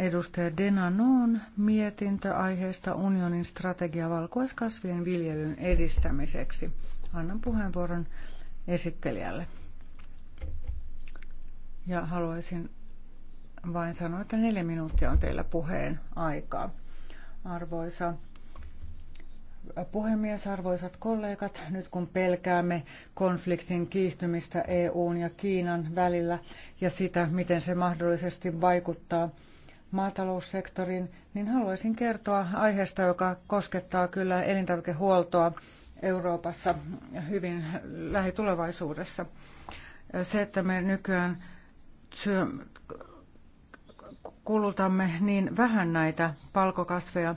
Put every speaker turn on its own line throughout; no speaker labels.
Edustaja Denanon mietintö aiheesta unionin strategia valkuaiskasvien viljelyn edistämiseksi. Annan puheenvuoron esittelijälle. Ja haluaisin vain sanoa, että neljä minuuttia on teillä puheen aikaa. Arvoisa puhemies, arvoisat kollegat, nyt kun pelkäämme konfliktin kiihtymistä EUn ja Kiinan välillä ja sitä, miten se mahdollisesti vaikuttaa maataloussektorin, niin haluaisin kertoa aiheesta, joka koskettaa kyllä elintarvikehuoltoa Euroopassa hyvin lähitulevaisuudessa. Se, että me nykyään kulutamme niin vähän näitä palkokasveja,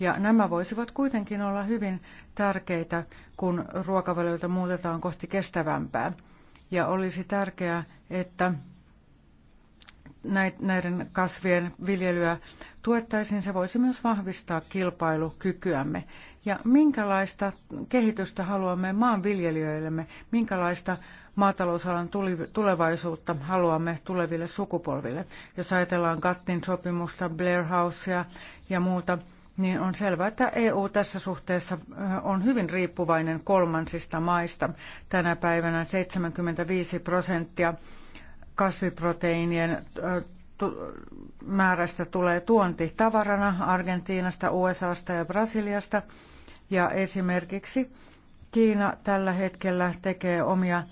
ja nämä voisivat kuitenkin olla hyvin tärkeitä, kun ruokavaliota muutetaan kohti kestävämpää. Ja olisi tärkeää, että näiden kasvien viljelyä tuettaisiin, se voisi myös vahvistaa kilpailukykyämme. Ja minkälaista kehitystä haluamme maanviljelijöillemme, minkälaista maatalousalan tulevaisuutta haluamme tuleville sukupolville. Jos ajatellaan Kattin sopimusta, Blair Housea ja muuta, niin on selvää, että EU tässä suhteessa on hyvin riippuvainen kolmansista maista. Tänä päivänä 75 prosenttia kasviproteiinien määrästä tulee tuonti tavarana Argentiinasta, USAsta ja Brasiliasta. Ja esimerkiksi Kiina tällä hetkellä tekee omia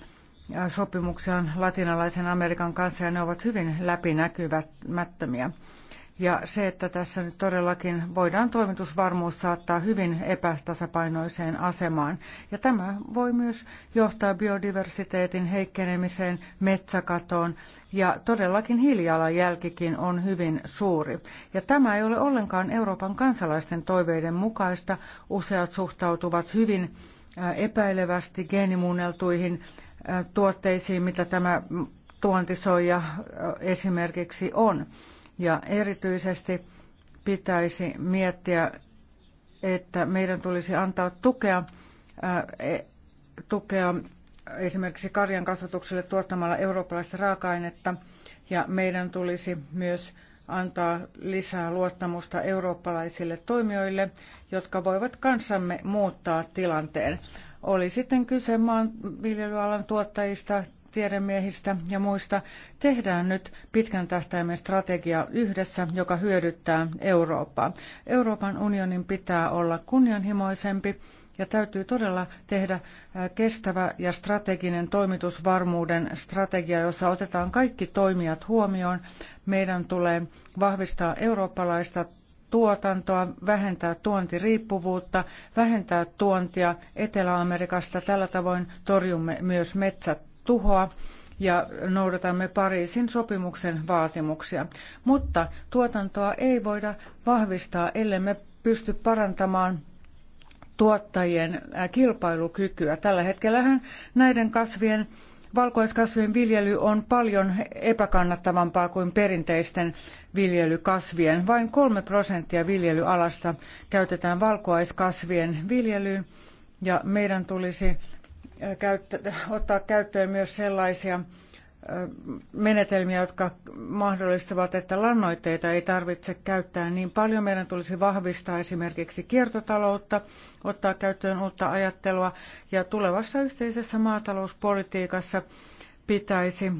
sopimuksiaan latinalaisen Amerikan kanssa ja ne ovat hyvin läpinäkymättömiä. Ja se, että tässä nyt todellakin voidaan toimitusvarmuus saattaa hyvin epätasapainoiseen asemaan. Ja tämä voi myös johtaa biodiversiteetin heikkenemiseen, metsäkatoon ja todellakin hiilijalanjälkikin on hyvin suuri. Ja tämä ei ole ollenkaan Euroopan kansalaisten toiveiden mukaista. Useat suhtautuvat hyvin äh, epäilevästi geenimuunneltuihin äh, tuotteisiin, mitä tämä tuontisoija äh, esimerkiksi on. Ja erityisesti pitäisi miettiä, että meidän tulisi antaa tukea, ää, e, tukea esimerkiksi karjan kasvatukselle tuottamalla eurooppalaista raaka-ainetta ja meidän tulisi myös antaa lisää luottamusta eurooppalaisille toimijoille, jotka voivat kanssamme muuttaa tilanteen. Oli sitten kyse maanviljelyalan tuottajista tiedemiehistä ja muista, tehdään nyt pitkän tähtäimen strategia yhdessä, joka hyödyttää Eurooppaa. Euroopan unionin pitää olla kunnianhimoisempi ja täytyy todella tehdä kestävä ja strateginen toimitusvarmuuden strategia, jossa otetaan kaikki toimijat huomioon. Meidän tulee vahvistaa eurooppalaista tuotantoa, vähentää tuontiriippuvuutta, vähentää tuontia Etelä-Amerikasta. Tällä tavoin torjumme myös metsät tuhoa ja noudatamme Pariisin sopimuksen vaatimuksia. Mutta tuotantoa ei voida vahvistaa, ellemme pysty parantamaan tuottajien äh, kilpailukykyä. Tällä hetkellähän näiden kasvien valkoiskasvien viljely on paljon epäkannattavampaa kuin perinteisten viljelykasvien. Vain kolme prosenttia viljelyalasta käytetään valkoiskasvien viljelyyn ja meidän tulisi ottaa käyttöön myös sellaisia menetelmiä, jotka mahdollistavat, että lannoitteita ei tarvitse käyttää niin paljon. Meidän tulisi vahvistaa esimerkiksi kiertotaloutta, ottaa käyttöön uutta ajattelua ja tulevassa yhteisessä maatalouspolitiikassa pitäisi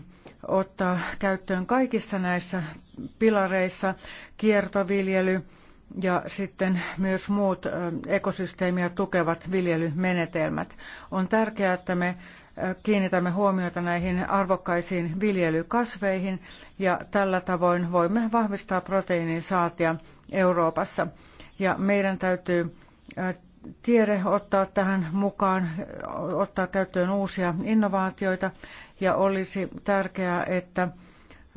ottaa käyttöön kaikissa näissä pilareissa kiertoviljely, ja sitten myös muut ekosysteemiä tukevat viljelymenetelmät. On tärkeää, että me kiinnitämme huomiota näihin arvokkaisiin viljelykasveihin ja tällä tavoin voimme vahvistaa proteiinin saatia Euroopassa. Ja meidän täytyy tiede ottaa tähän mukaan, ottaa käyttöön uusia innovaatioita ja olisi tärkeää, että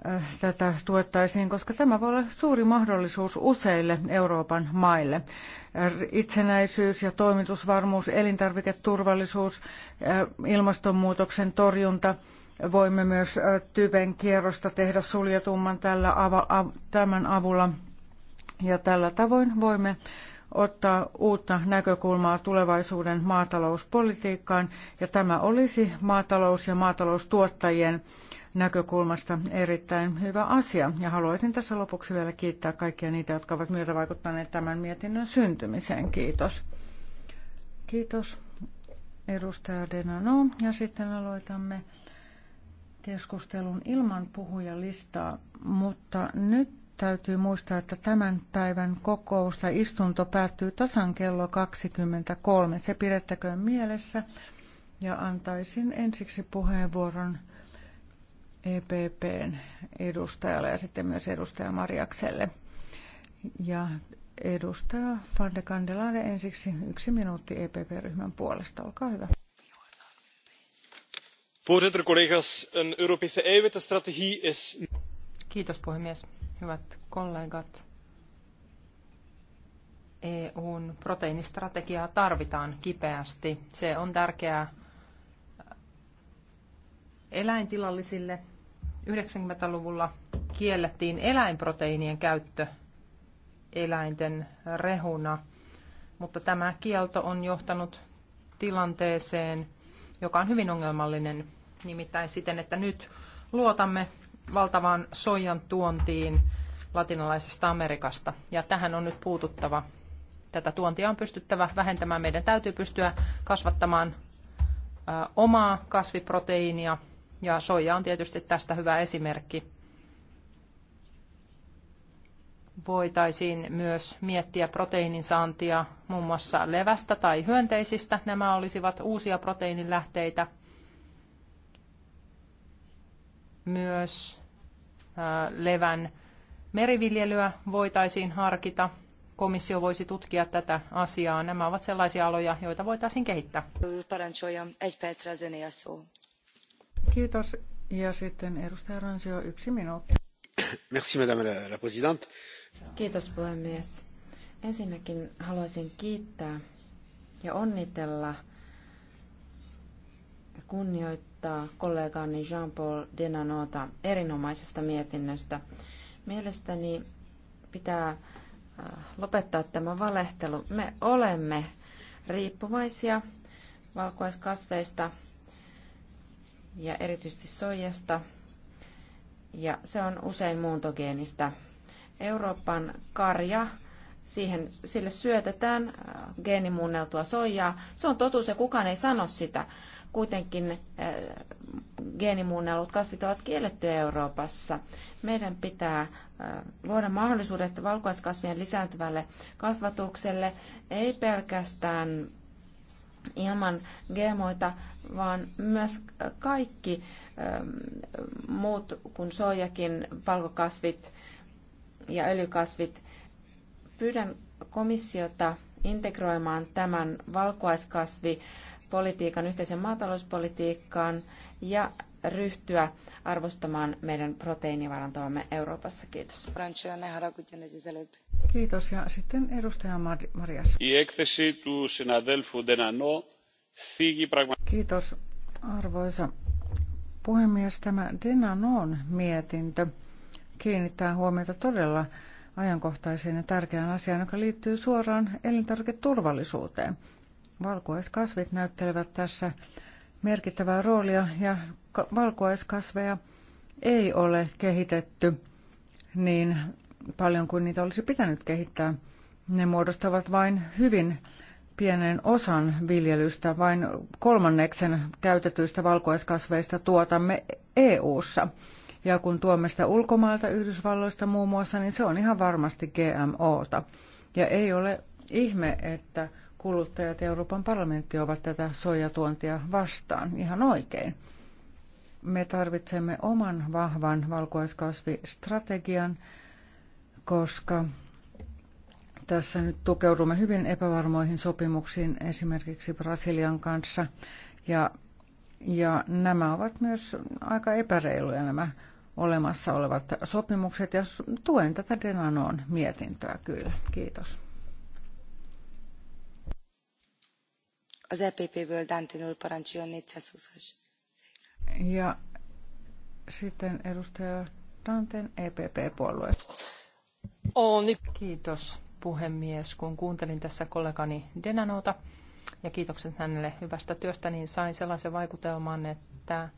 Äh, tätä tuettaisiin, koska tämä voi olla suuri mahdollisuus useille Euroopan maille. Äh, itsenäisyys ja toimitusvarmuus, elintarviketurvallisuus, äh, ilmastonmuutoksen torjunta, voimme myös tyven kierrosta tehdä suljetumman tällä av- tämän avulla. Ja tällä tavoin voimme ottaa uutta näkökulmaa tulevaisuuden maatalouspolitiikkaan, ja tämä olisi maatalous- ja maataloustuottajien näkökulmasta erittäin hyvä asia. Ja haluaisin tässä lopuksi vielä kiittää kaikkia niitä, jotka ovat myötä vaikuttaneet tämän mietinnön syntymiseen. Kiitos. Kiitos edustaja Denano. Ja sitten aloitamme keskustelun ilman puhujalistaa, mutta nyt täytyy muistaa, että tämän päivän kokous tai istunto päättyy tasan kello 23. Se pidettäköön mielessä ja antaisin ensiksi puheenvuoron EPPn edustajalle ja sitten myös edustaja Marjakselle. Ja edustaja Van de Candelare ensiksi yksi minuutti EPP-ryhmän puolesta. Olkaa hyvä.
Voorzitter, collega's,
een Europese eiwittenstrategie is... Kiitos puhemies. Hyvät kollegat. EUn proteiinistrategiaa tarvitaan kipeästi. Se on tärkeää eläintilallisille 90-luvulla kiellettiin eläinproteiinien käyttö eläinten rehuna, mutta tämä kielto on johtanut tilanteeseen, joka on hyvin ongelmallinen, nimittäin siten, että nyt luotamme valtavaan soijan tuontiin latinalaisesta Amerikasta. Ja tähän on nyt puututtava. Tätä tuontia on pystyttävä vähentämään. Meidän täytyy pystyä kasvattamaan omaa kasviproteiinia ja soija on tietysti tästä hyvä esimerkki. Voitaisiin myös miettiä proteiinin saantia muun mm. muassa levästä tai hyönteisistä. Nämä olisivat uusia proteiinilähteitä. Myös levän meriviljelyä voitaisiin harkita. Komissio voisi tutkia tätä asiaa. Nämä ovat sellaisia aloja, joita voitaisiin kehittää.
Kiitos. Ja sitten edustaja Ransio, yksi minuutti. Merci, madame la, la présidente. Kiitos puhemies. Ensinnäkin haluaisin kiittää ja
onnitella ja kunnioittaa kollegaani Jean-Paul Denanota erinomaisesta mietinnöstä. Mielestäni pitää äh, lopettaa tämä valehtelu. Me olemme riippuvaisia valkuaiskasveista ja erityisesti soijasta, ja se on usein muuntogeenistä. Euroopan karja, siihen, sille syötetään äh, geenimuunneltua soijaa. Se on totuus ja kukaan ei sano sitä. Kuitenkin äh, geenimuunnellut kasvit ovat kiellettyä Euroopassa. Meidän pitää äh, luoda mahdollisuudet valkuaiskasvien lisääntyvälle kasvatukselle, ei pelkästään ilman gemoita, vaan myös kaikki ähm, muut kuin soijakin, palkokasvit ja öljykasvit. Pyydän komissiota integroimaan tämän valkuaiskasvi politiikan yhteisen maatalouspolitiikkaan ja ryhtyä arvostamaan meidän proteiinivarantoamme Euroopassa. Kiitos.
Kiitos ja sitten edustaja Marias. Η έκθεση του συναδέλφου Ντενανό Kiitos arvoisa puhemies. Tämä Denanon mietintö kiinnittää huomiota todella ajankohtaiseen ja tärkeään asiaan, joka liittyy suoraan elintarviketurvallisuuteen. Valkuaiskasvit näyttelevät tässä merkittävää roolia ja valkuaiskasveja ei ole kehitetty niin paljon kuin niitä olisi pitänyt kehittää. Ne muodostavat vain hyvin pienen osan viljelystä, vain kolmanneksen käytetyistä valkuaiskasveista tuotamme EU:ssa. Ja kun tuomme sitä ulkomailta, Yhdysvalloista muun muassa, niin se on ihan varmasti GMOta. Ja ei ole ihme, että kuluttajat ja Euroopan parlamentti ovat tätä soijatuontia vastaan. Ihan oikein. Me tarvitsemme oman vahvan valkuaiskasvistrategian, koska tässä nyt tukeudumme hyvin epävarmoihin sopimuksiin esimerkiksi Brasilian kanssa ja, ja nämä ovat myös aika epäreiluja nämä olemassa olevat sopimukset ja tuen tätä Denanoon mietintöä kyllä. Kiitos. epp Ja sitten edustaja Danten EPP-puolue.
Kiitos puhemies. Kun kuuntelin tässä kollegani Denanota ja kiitokset hänelle hyvästä työstä, niin sain sellaisen vaikutelman, että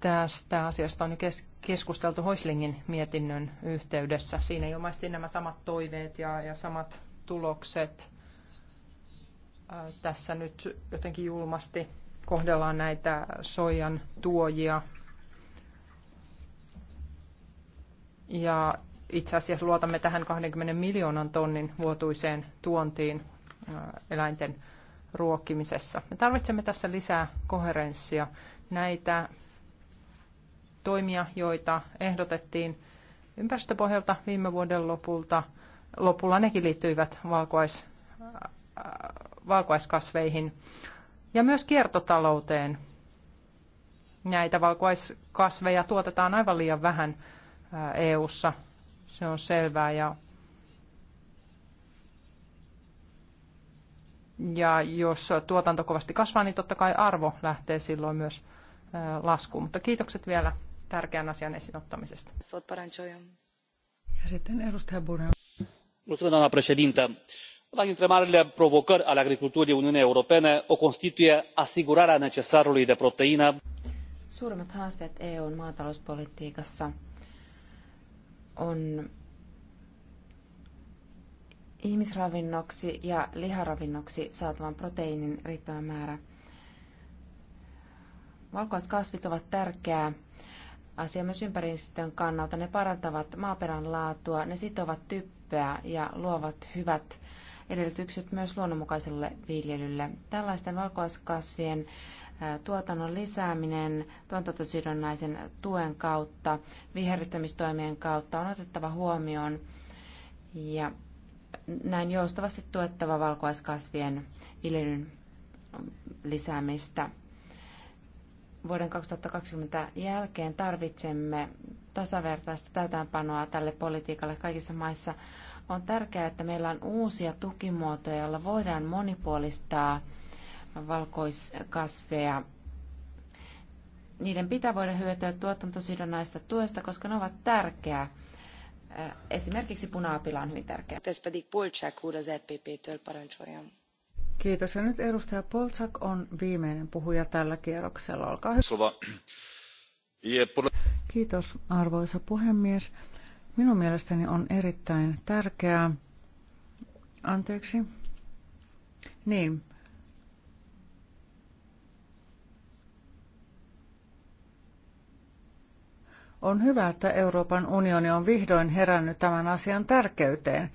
tästä asiasta on jo keskusteltu Hoislingin mietinnön yhteydessä. Siinä ilmaistiin nämä samat toiveet ja, ja samat tulokset. Tässä nyt jotenkin julmasti kohdellaan näitä soijan tuojia. Ja itse asiassa luotamme tähän 20 miljoonan tonnin vuotuiseen tuontiin äh, eläinten ruokkimisessa. Me tarvitsemme tässä lisää koherenssia. Näitä toimia, joita ehdotettiin ympäristöpohjalta viime vuoden lopulta, lopulla nekin liittyivät valkuais, äh, valkuaiskasveihin ja myös kiertotalouteen. Näitä valkuaiskasveja tuotetaan aivan liian vähän äh, EU:ssa se on selvää ja Ja jos tuotanto kovasti kasvaa, niin totta kai arvo lähtee silloin myös laskuun. Mutta kiitokset vielä tärkeän asian esiin ottamisesta.
Ja sitten edustaja Buren. Mulțumesc, doamna președintă. Una dintre marile provocări ale agriculturii Uniunii Europene o constituie asigurarea necesarului de proteină.
Suurimmat haasteet EUn maatalouspolitiikassa on ihmisravinnoksi ja liharavinnoksi saatavan proteiinin riittävä määrä. Valkoiskasvit ovat tärkeää asia myös ympäristön kannalta. Ne parantavat maaperän laatua, ne sitovat typpeä ja luovat hyvät edellytykset myös luonnonmukaiselle viljelylle. Tällaisten valkoiskasvien tuotannon lisääminen tuotantosidonnaisen tuen kautta, viherryttämistoimien kautta on otettava huomioon ja näin joustavasti tuettava valkuaiskasvien viljelyn lisäämistä. Vuoden 2020 jälkeen tarvitsemme tasavertaista täytäänpanoa tälle politiikalle kaikissa maissa. On tärkeää, että meillä on uusia tukimuotoja, joilla voidaan monipuolistaa valkoiskasveja. Niiden pitää voida hyötyä tuotantosidonnaista tuesta, koska ne ovat tärkeää. Äh, esimerkiksi punaapila on hyvin tärkeä. E
Kiitos. Ja nyt edustaja Polchak on viimeinen puhuja tällä kierroksella. Olkaa hyvä. Kiitos, arvoisa puhemies. Minun mielestäni on erittäin tärkeää, anteeksi, niin, On hyvä, että Euroopan unioni on vihdoin herännyt tämän asian tärkeyteen.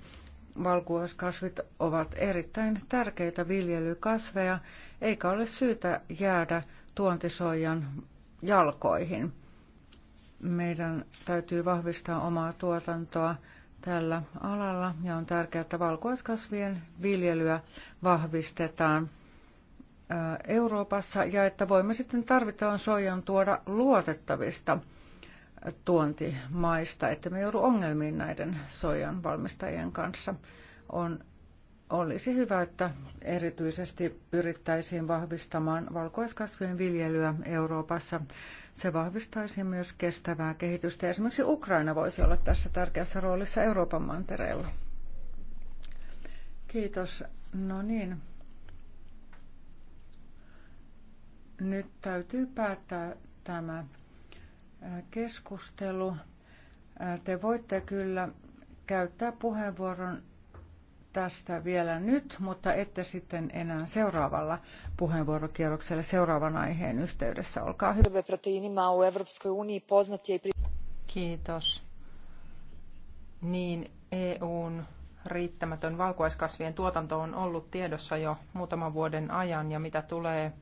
Valkuaiskasvit ovat erittäin tärkeitä viljelykasveja, eikä ole syytä jäädä tuontisoijan jalkoihin. Meidän täytyy vahvistaa omaa tuotantoa tällä alalla ja on tärkeää, että valkuaiskasvien viljelyä vahvistetaan Euroopassa ja että voimme sitten tarvittavan soijan tuoda luotettavista tuontimaista, että me joudu ongelmiin näiden soijan valmistajien kanssa. On, olisi hyvä, että erityisesti pyrittäisiin vahvistamaan valkoiskasvien viljelyä Euroopassa. Se vahvistaisi myös kestävää kehitystä. Esimerkiksi Ukraina voisi olla tässä tärkeässä roolissa Euroopan mantereella. Kiitos. No niin. Nyt täytyy päättää tämä keskustelu. Te voitte kyllä käyttää puheenvuoron tästä vielä nyt, mutta ette sitten enää seuraavalla puheenvuorokierroksella seuraavan aiheen yhteydessä. Olkaa
hyvä. Kiitos. Niin EUn riittämätön valkuaiskasvien tuotanto on ollut tiedossa jo muutaman vuoden ajan ja mitä tulee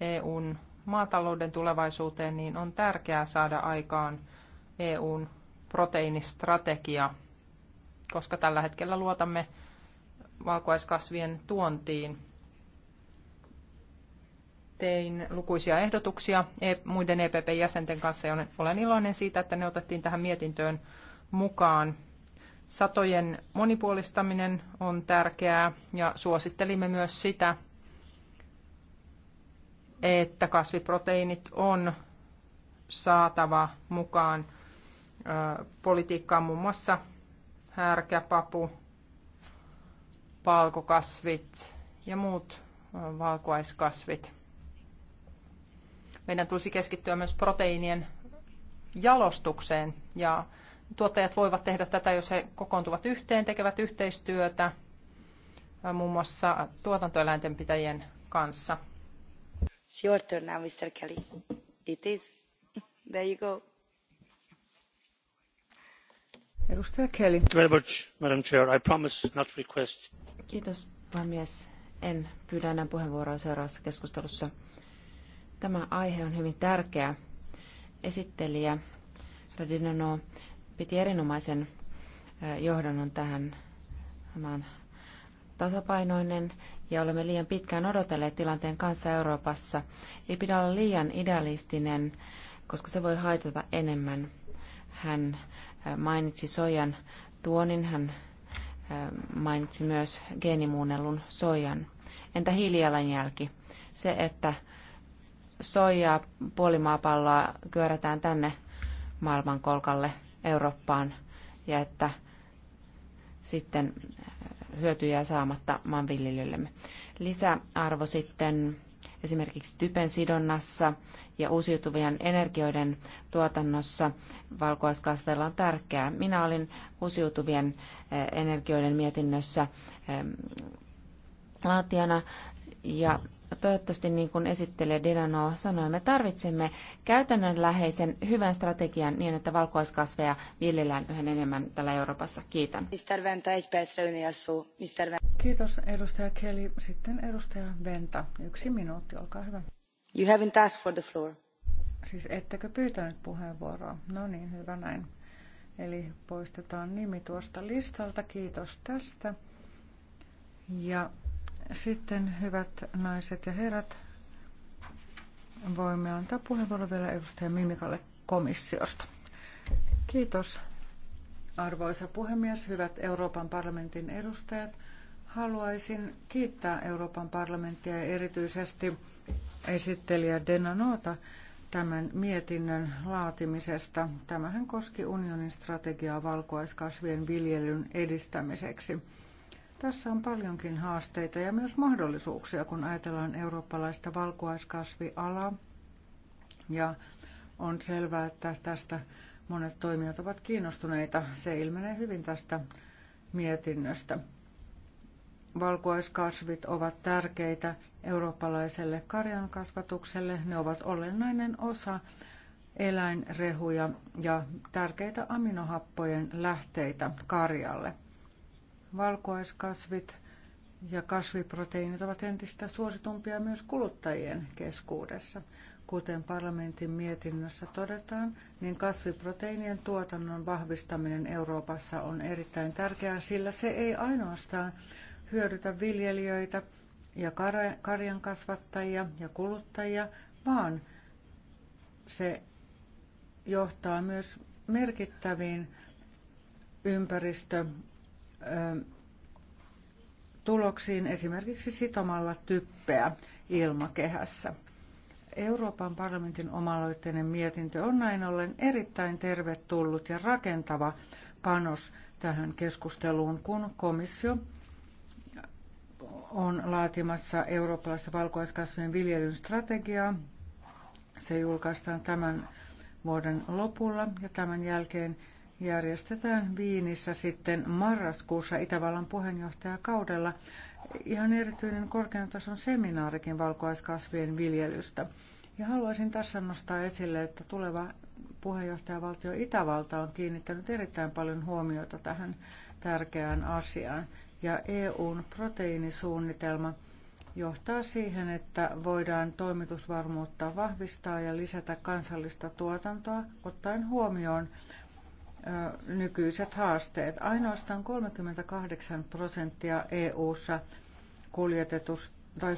EUn maatalouden tulevaisuuteen, niin on tärkeää saada aikaan EUn proteiinistrategia, koska tällä hetkellä luotamme valkuaiskasvien tuontiin. Tein lukuisia ehdotuksia e- muiden EPP-jäsenten kanssa ja olen iloinen siitä, että ne otettiin tähän mietintöön mukaan. Satojen monipuolistaminen on tärkeää ja suosittelimme myös sitä, että kasviproteiinit on saatava mukaan politiikkaan muun muassa härkäpapu, palkokasvit ja muut valkuaiskasvit. Meidän tulisi keskittyä myös proteiinien jalostukseen ja tuottajat voivat tehdä tätä, jos he kokoontuvat yhteen, tekevät yhteistyötä muun muassa tuotantoeläinten pitäjien kanssa.
It's your turn now, Mr. Kelly. It is. There you go. Edustaja Kelly. Madam Chair. I promise not to request. Kiitos, puhemies. En pyydä enää puheenvuoroa seuraavassa keskustelussa. Tämä aihe on hyvin tärkeä. Esittelijä Radinano piti erinomaisen johdannon tähän samaan tasapainoinen ja olemme liian pitkään odotelleet tilanteen kanssa Euroopassa. Ei pidä olla liian idealistinen, koska se voi haitata enemmän. Hän äh, mainitsi sojan tuonin, hän äh, mainitsi myös geenimuunnellun sojan, Entä hiilijalanjälki? Se, että soijaa puolimaapalloa kyörätään tänne maailmankolkalle Eurooppaan ja että sitten äh, hyötyjä saamatta maanviljelijöillemme. Lisäarvo sitten esimerkiksi typen sidonnassa ja uusiutuvien energioiden tuotannossa valkoaiskasveilla on tärkeää. Minä olin uusiutuvien eh, energioiden mietinnössä laatijana ja toivottavasti niin kuin esittelee Dedano sanoi, me tarvitsemme käytännönläheisen hyvän strategian niin, että valkoiskasveja viljellään yhä enemmän täällä Euroopassa. Kiitän.
Mr. Venta, Mr. Kiitos edustaja Kelly. Sitten edustaja Venta. Yksi minuutti, olkaa hyvä.
You haven't asked for the floor.
Siis ettekö pyytänyt puheenvuoroa? No niin, hyvä näin. Eli poistetaan nimi tuosta listalta. Kiitos tästä. Ja sitten, hyvät naiset ja herrat, voimme antaa puheenvuoron vielä edustaja Mimikalle komissiosta. Kiitos, arvoisa puhemies, hyvät Euroopan parlamentin edustajat. Haluaisin kiittää Euroopan parlamenttia ja erityisesti esittelijä Noota tämän mietinnön laatimisesta. Tämähän koski unionin strategiaa valkuaiskasvien viljelyn edistämiseksi. Tässä on paljonkin haasteita ja myös mahdollisuuksia, kun ajatellaan eurooppalaista valkuaiskasvialaa. Ja on selvää, että tästä monet toimijat ovat kiinnostuneita. Se ilmenee hyvin tästä mietinnöstä. Valkuaiskasvit ovat tärkeitä eurooppalaiselle karjan kasvatukselle. Ne ovat olennainen osa eläinrehuja ja tärkeitä aminohappojen lähteitä karjalle valkuaiskasvit ja kasviproteiinit ovat entistä suositumpia myös kuluttajien keskuudessa. Kuten parlamentin mietinnössä todetaan, niin kasviproteiinien tuotannon vahvistaminen Euroopassa on erittäin tärkeää, sillä se ei ainoastaan hyödytä viljelijöitä ja karjan kasvattajia ja kuluttajia, vaan se johtaa myös merkittäviin ympäristö- tuloksiin esimerkiksi sitomalla typpeä ilmakehässä. Euroopan parlamentin omaloitteinen mietintö on näin ollen erittäin tervetullut ja rakentava panos tähän keskusteluun, kun komissio on laatimassa eurooppalaisen valkoiskasvien viljelyn strategiaa. Se julkaistaan tämän vuoden lopulla ja tämän jälkeen järjestetään Viinissä sitten marraskuussa Itävallan puheenjohtajakaudella ihan erityinen korkean tason seminaarikin valkoaiskasvien viljelystä. Ja haluaisin tässä nostaa esille, että tuleva puheenjohtajavaltio Itävalta on kiinnittänyt erittäin paljon huomiota tähän tärkeään asiaan. Ja EUn proteiinisuunnitelma johtaa siihen, että voidaan toimitusvarmuutta vahvistaa ja lisätä kansallista tuotantoa ottaen huomioon nykyiset haasteet. Ainoastaan 38 prosenttia EU-ssa kuljetetus tai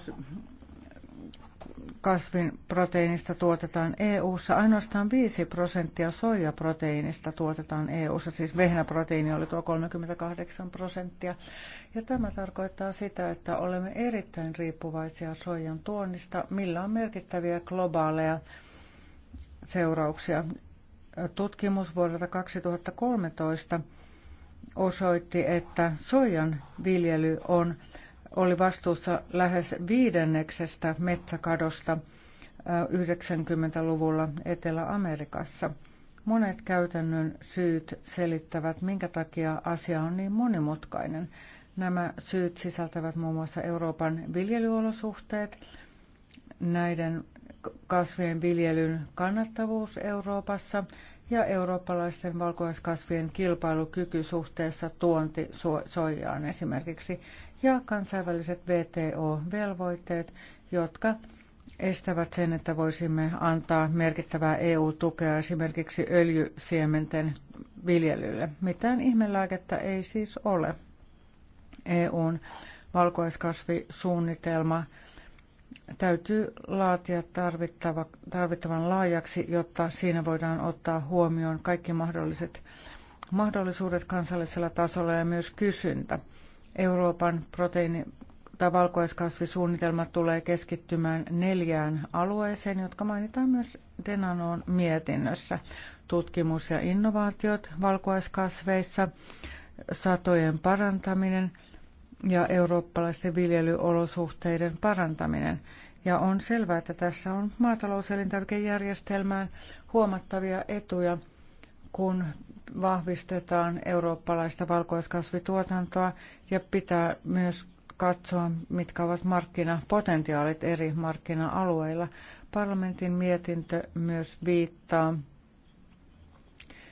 kasvinproteiinista tuotetaan EU-ssa. Ainoastaan 5 prosenttia soijaproteiinista tuotetaan EU-ssa, siis vehnäproteiini oli tuo 38 prosenttia. Ja tämä tarkoittaa sitä, että olemme erittäin riippuvaisia soijan tuonnista, millä on merkittäviä globaaleja seurauksia tutkimus vuodelta 2013 osoitti, että soijan viljely on, oli vastuussa lähes viidenneksestä metsäkadosta 90-luvulla Etelä-Amerikassa. Monet käytännön syyt selittävät, minkä takia asia on niin monimutkainen. Nämä syyt sisältävät muun muassa Euroopan viljelyolosuhteet, näiden valkuaiskasvien viljelyn kannattavuus Euroopassa ja eurooppalaisten valkuaiskasvien kilpailukyky suhteessa tuontisoijaan esimerkiksi ja kansainväliset VTO-velvoitteet, jotka estävät sen, että voisimme antaa merkittävää EU-tukea esimerkiksi öljysiementen viljelylle. Mitään ihmelääkettä ei siis ole. EUn valkuaiskasvisuunnitelma – täytyy laatia tarvittava, tarvittavan laajaksi, jotta siinä voidaan ottaa huomioon kaikki mahdolliset mahdollisuudet kansallisella tasolla ja myös kysyntä. Euroopan proteiini- tai valkoiskasvisuunnitelma tulee keskittymään neljään alueeseen, jotka mainitaan myös Denanoon mietinnössä. Tutkimus ja innovaatiot valkoiskasveissa, satojen parantaminen – ja eurooppalaisten viljelyolosuhteiden parantaminen. Ja on selvää, että tässä on maatalouselintarvikejärjestelmään huomattavia etuja, kun vahvistetaan eurooppalaista valkoiskasvituotantoa ja pitää myös katsoa, mitkä ovat markkinapotentiaalit eri markkina-alueilla. Parlamentin mietintö myös viittaa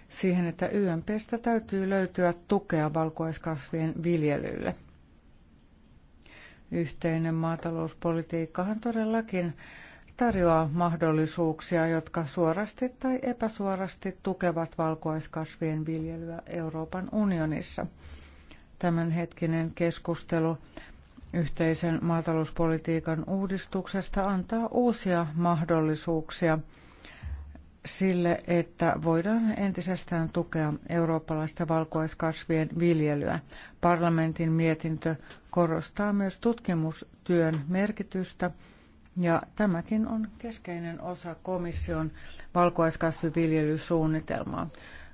siihen, että YMPstä täytyy löytyä tukea valkoiskasvien viljelylle. Yhteinen maatalouspolitiikkahan todellakin tarjoaa mahdollisuuksia, jotka suorasti tai epäsuorasti tukevat valkuaiskasvien viljelyä Euroopan unionissa. Tämänhetkinen keskustelu yhteisen maatalouspolitiikan uudistuksesta antaa uusia mahdollisuuksia sille, että voidaan entisestään tukea eurooppalaista valkuaiskasvien viljelyä. Parlamentin mietintö korostaa myös tutkimustyön merkitystä ja tämäkin on keskeinen osa komission valkuaiskasviviljelysuunnitelmaa.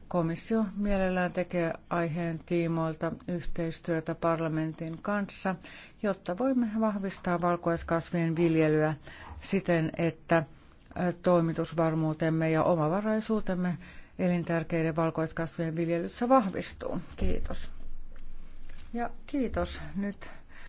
Komissio mielellään tekee aiheen tiimoilta yhteistyötä parlamentin kanssa, jotta voimme vahvistaa valkuaiskasvien viljelyä siten, että toimitusvarmuutemme ja omavaraisuutemme elintärkeiden valkoiskasvien viljelyssä vahvistuu. Kiitos. Ja kiitos nyt